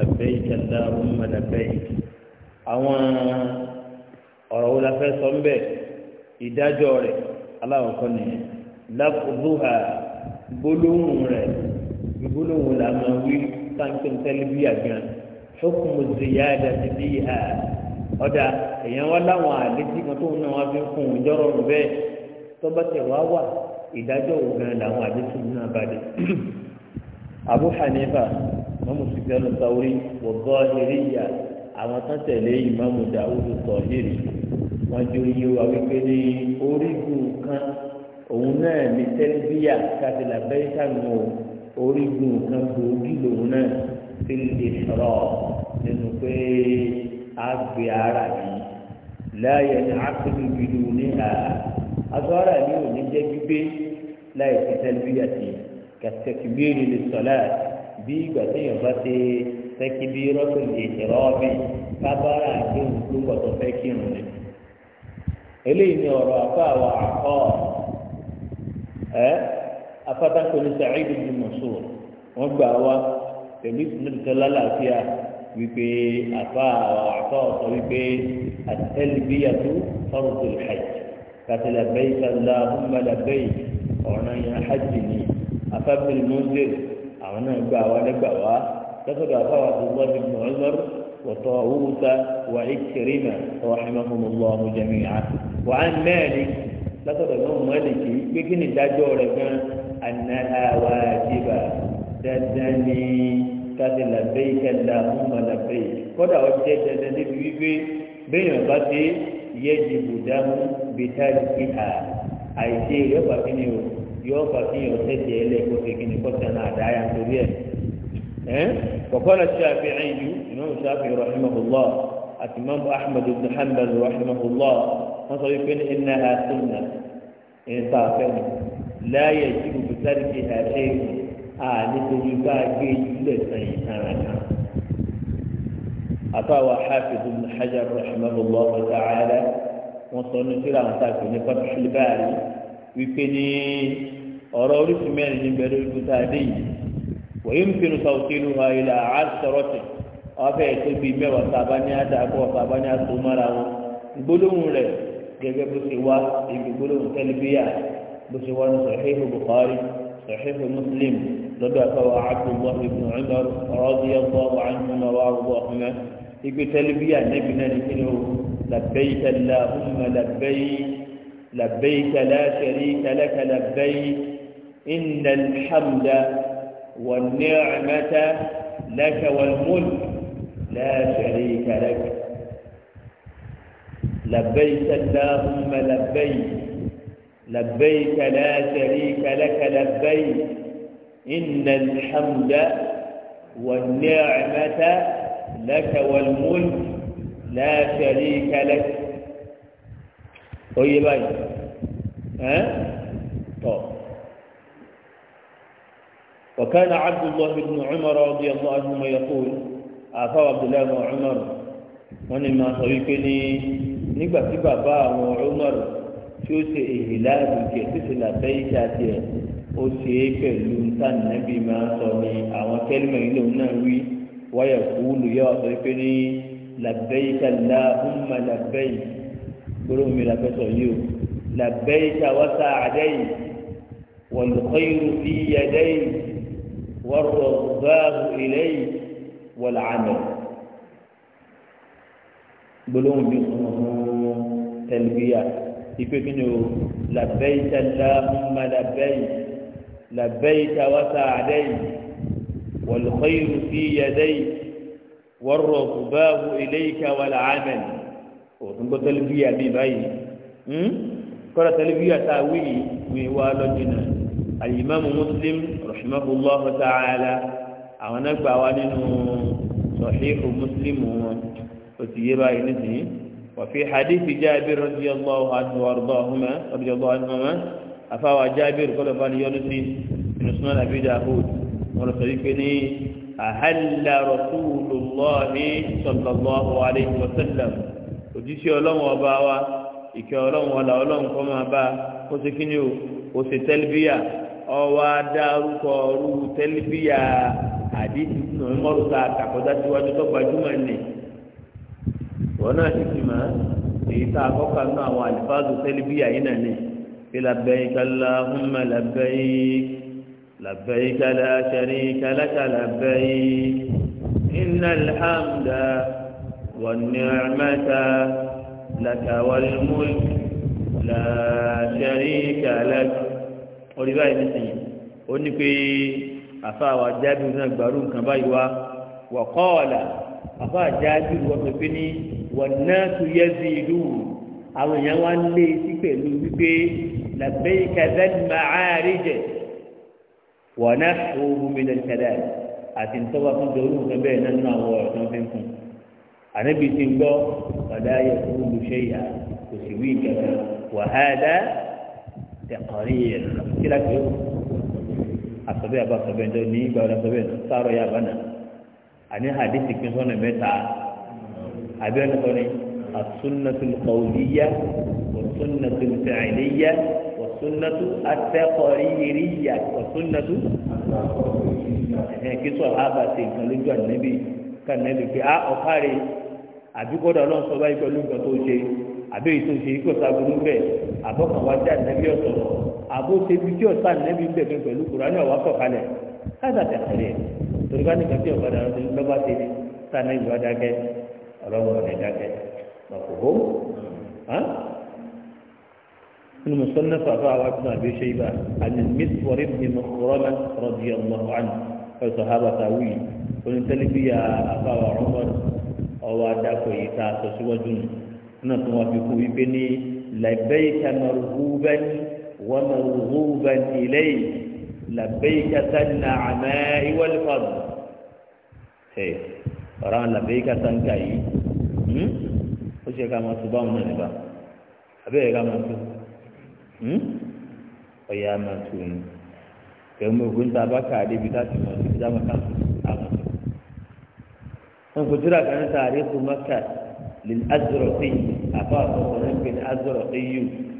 lẹ́bẹ̀ẹ́ ìjàdá ọmọ lẹ́bẹ̀ẹ́ àwọn ọ̀rọ̀ wo la fẹ́ sọ ń bẹ̀ ìdájọ́ rẹ̀ aláwọ̀ kan nìyẹn gbólóhùn rẹ̀ gbólóhùn la máa wí sáńtẹ̀ntẹ́lẹ́ bí àgbọn fọkùnmù ziyada ti bí ha ọ̀dà èèyàn wá láwọn àlétí kan tó ń náà wá fi ń kún un jọ́rọ̀ rù bẹ́ẹ̀ tọ́ba tẹ̀ wá wà ìdájọ́ wo gan làwọn àlétí náà bá dé. abu hanifa ìmáàmù sufiyanu sawuri wọ zọhìríyà àwọn tó tẹ̀lé ìmáàmù dàwùdù sọhìrì wọn ju iye wa wípé ní orígun kan òun náà ní tẹlifíyà káfí làbẹ́yì sànù orígun kan gbòógì lòun náà fi lè sọ̀rọ̀ nínú pé àgbè ara mi láàyè ní akéwì bìlú níhà aṣọ ara mi ò ní jẹ́ gbígbé láì fi tẹlifíyà sí kàtẹ́kì bíi ní sọ̀láàtì bí ìgbà téèyàn bá ṣe fẹ́kí bí rọ́pìn ìṣẹ̀rọ ọ̀bìn kábàárà àti olùkọ́ tó fẹ́ kírun ni. eléyìí ni ọ̀rọ̀ àfa àwọn àkọ́ ẹ́ afátákò ní sàáìdì ní mọ̀ṣọ́ wọ́n gbà wá pẹ̀lú ìtúndínlẹ́dẹ́gbẹ́ lálàáfíà wípé àfa àwọn àkọ́ sọ wípé àtẹ́lẹ́bíyàtú ọ̀rọ̀ tó lè hajj kàtẹ́lẹ́ bẹ́ẹ̀ sàlá ọ̀húnmẹ́lẹ́ àwọn náà gbà wá nígbà wá lọ́sọ̀dọ̀ àfáwà tó gbọ́ ní mọ̀ọ́lọ́r wọ̀tọ̀ òwúta wà ìkìrìnà ọ̀hìnmọ́kùnmọ́lọ́ọ̀mù jẹ̀míyà wà á mẹ́rin lọ́sọ̀dọ̀ náà mọ́lìkì pé kí ni ìdájọ́ rẹ̀ gan anáhàwá jìbà dandan ni káfí làbẹ́yì kẹlẹ́ àmúmọ̀ làbẹ́yì kọ́dà ó jẹ́ dandan níbi wípé bẹ́yìn ọ̀bá ti yẹ yóò fà kí yóò tẹ̀sí ẹ lẹ́kọ̀ọ́ fi kí ni kọ́sẹ̀ náà dá yà torí ẹ̀ ẹ́ kọ̀kọ́lá ṣáfi ẹ̀yìn ju ìmọ̀mù ṣáfi rahimahullah àti mọ́mù ahmed ibn hanbal rahimahullah wọ́n sọ wípé ní iná ha sunna ẹ̀ ta fẹ́ mi láàyè ìdìbò bùtárì kì í ha ṣe é à nítorí bá a gbé ìdílé sẹ́yìn náà kan. àtàwọn hafiz ibn hajar rahimahullah ta'ala wọ́n sọ ní sira wọn àwọn táàkì ní kọ́tù pàtó wípé ní ọ̀rọ̀ oríṣi mẹ́rin ní bẹ̀rẹ̀ olùkúta adé yìí wòye ń pinnu sàwùkínú wa ilà àásọ̀rọ̀tì ọ̀fẹ́ ìtóbi mẹ́wàá sábà ní àdàkọ́ sábà ní àtòmára wọn gbólóhùn rẹ̀ gẹ́gẹ́ bó ṣe wá ibi gbólóhùn tẹ́lifíyà bó ṣe wá ní sọ̀híhù bukhari sọ̀híhù muslim lọ́dọ̀ àfọwọ́ abdullahi ibn umar radiyallahu anhu wa arúgbó ọ̀hún igbe لبيك لا شريك لك لبيك إن الحمد والنعمة لك والملك لا شريك لك لبيك اللهم لبيك لبيك لا شريك لك لبيك إن الحمد والنعمة لك والملك لا شريك لك oyè báyìí ẹ́n tọ́ وكان عبد الله بن عمر رضي الله عنهما يقول àfáwà abdullahi àwọn ọmọr wọn ni máa sọ wípé ní nígbà tí bàbá àwọn ọmọr tí ó ṣe èyí láàbù kẹ títí làbẹ iṣẹ àti ó ṣe é pẹlú ntànẹbí máa sọ ní àwọn kẹlímọ ilé òun náà wí wáyà kúlù yẹ wà sọ wípé ní làbẹ iṣẹ làhùnmà làbẹ yìí gbólóhùn mi làbẹ́sọ̀ yìí o làbẹ́yìíta wáṣà àdẹ́yìn wọ̀lùkọ́yìrù fi yẹ̀dẹ́yìn wọ́rọ̀ gbáàbù ìlẹ́yìn wọ̀là àmì gbólóhùn mi tẹlifíà ipe kí ni o làbẹ́yìíta lámúmá làbẹ́yìn làbẹ́yìíta wáṣà àdẹ́yìn wọ̀lùkọ́yìrù fi yẹ̀dẹ́yìn wọ́rọ̀ gbáàbù ìlẹ́yìn wọ̀là àmì òtún gbọ́ tẹlifíà bí báyìí hmm? kọ́ra tẹlifíà tá a wí yìí wí wá lọ́jọ́ náà alimami muslim rahmatulah ta'ala àwọn náà gbà wá nínú sọ̀híhù muslim wọn o ti yé báyìí nísìnyí wàfi hadithi jaabir radiyallahu anhu wardahuma radiyallahu anhu ma afaawa jaabir kọ́ra bá níyọ́nù sí nusunan abidjan hood wọn lọ sọ wípé ní. أهل رسول الله صلى الله عليه وسلم òjíṣẹ́ ọlọ́run ọba wa ìkẹ́ ọlọ́run ọ̀là ọlọ́run kọ́ máa bá ó ṣe kí ni o ó ṣe tẹ́lifíà ọwọ́ adárúkọ ọrú tẹ́lifíà àdídì mọ́rù tá a kàkọ́dá síwájú tó gbajúmọ̀ ni wọn náà ti fi máa èyí tá a kọ́kọ́ náà àwọn àlìfáàzù tẹ́lifíà yìí náà ni fi làbẹ́yìn kálá húnmẹ́ làbẹ́yìn làbẹ́yìn kálá ṣẹ́rí kálá kálá iná alḥamdulilayi. والنعمة لك والملك لا شريك لك orí báyìí nísìnyí ó ní pé àfàwà jáde náà gbàrú nǹkan báyìí wá wà kọ́ọ̀là àfàwà jáde wọ́n fi pé ní wọ́n náà tún yẹ sí ìlú àwọn èèyàn wá ń lé sí pẹ̀lú wípé làbẹ́yì kẹfẹ́ni máa rí jẹ wọ́n náà fún omi lẹ́nu kẹdà àti ntọ́wá fún jọ̀ọ́ nǹkan bẹ́ẹ̀ náà nínú àwọn ọ̀rọ̀ tán ànábì ti ń gbọ́ ọ̀dà ayẹ̀kú olùṣẹ́yà kò sì wí ìjọba wàhálà tẹ̀kọ̀rí yẹn kíra kí ó àsọ̀bẹ́ àbá àsọ̀bẹ́ ńdọ́ ní ìgbà wọn àsọ̀bẹ́ ńdọ́ sáró yà bánà àní hadithi pín na mẹ́ta na abẹ́rẹ́ sọ́ni asúnnatu kọ̀ọ̀lìyà wàsúnnatu fẹ̀ẹ́lìyà wàsúnnatu atẹ́kọ̀ọ́rìyà wàsúnnatu ẹ̀hìn kí sọ̀rọ̀ àbá ti nǹkan lójú ànábì kànábì pé a ọ̀kárẹ̀ àbí kọ́dà ọlọ́run sọ báyìí pẹ̀lú nǹkan tó ṣe àbí èyí tó ṣe ikọ̀ sagunú bẹ́ẹ̀ àbọ̀kàn wá sí ànẹ́bí ọ̀sọ̀rọ̀ àbó ṣe bí tí ọ̀sán ànẹ́bí ń bẹ̀rẹ̀ pẹ̀lú kùránì ọ̀wá sọ̀kalẹ̀ káàdà tẹ̀sẹ̀rẹ̀ torí bá nìkan tí ọ̀kadà lọ́ba ṣe ni sànẹ́ ìwà dákẹ́ ọlọ́run ọ̀rẹ́ dákẹ́ ọ̀kọ̀ọ́ المصنف أبا عبد أبي شيبة عن المسور بن مخرمة رضي الله عنه فالصحابة تاويل ونتلي بها أبا عمر ọwọ́ adáko yìí tá a sọ síwájú nù náà tó wọn fi kú wípé ní làbẹ́yìká mọ̀rùhúbẹ́n wọ́n mọ̀rùhúbẹ́n ilé yìí làbẹ́yìká sanna àmẹ́ ìwọ́lùfọ́dù ẹ̀ ọ̀rọ̀ àwọn làbẹ́yìká sanka yìí hmm? ó ṣe ká máa tó báwọn náà níbà abẹ́rẹ́ ká máa tó hmm? ọ̀yà máa tó ní ẹ̀mú ògùn tá a bá kà á débi láti mọ̀ síbi dáhùn ká àwọn. فجرا كان تاريخ مكة للأزرقي أفاق بن أزرقي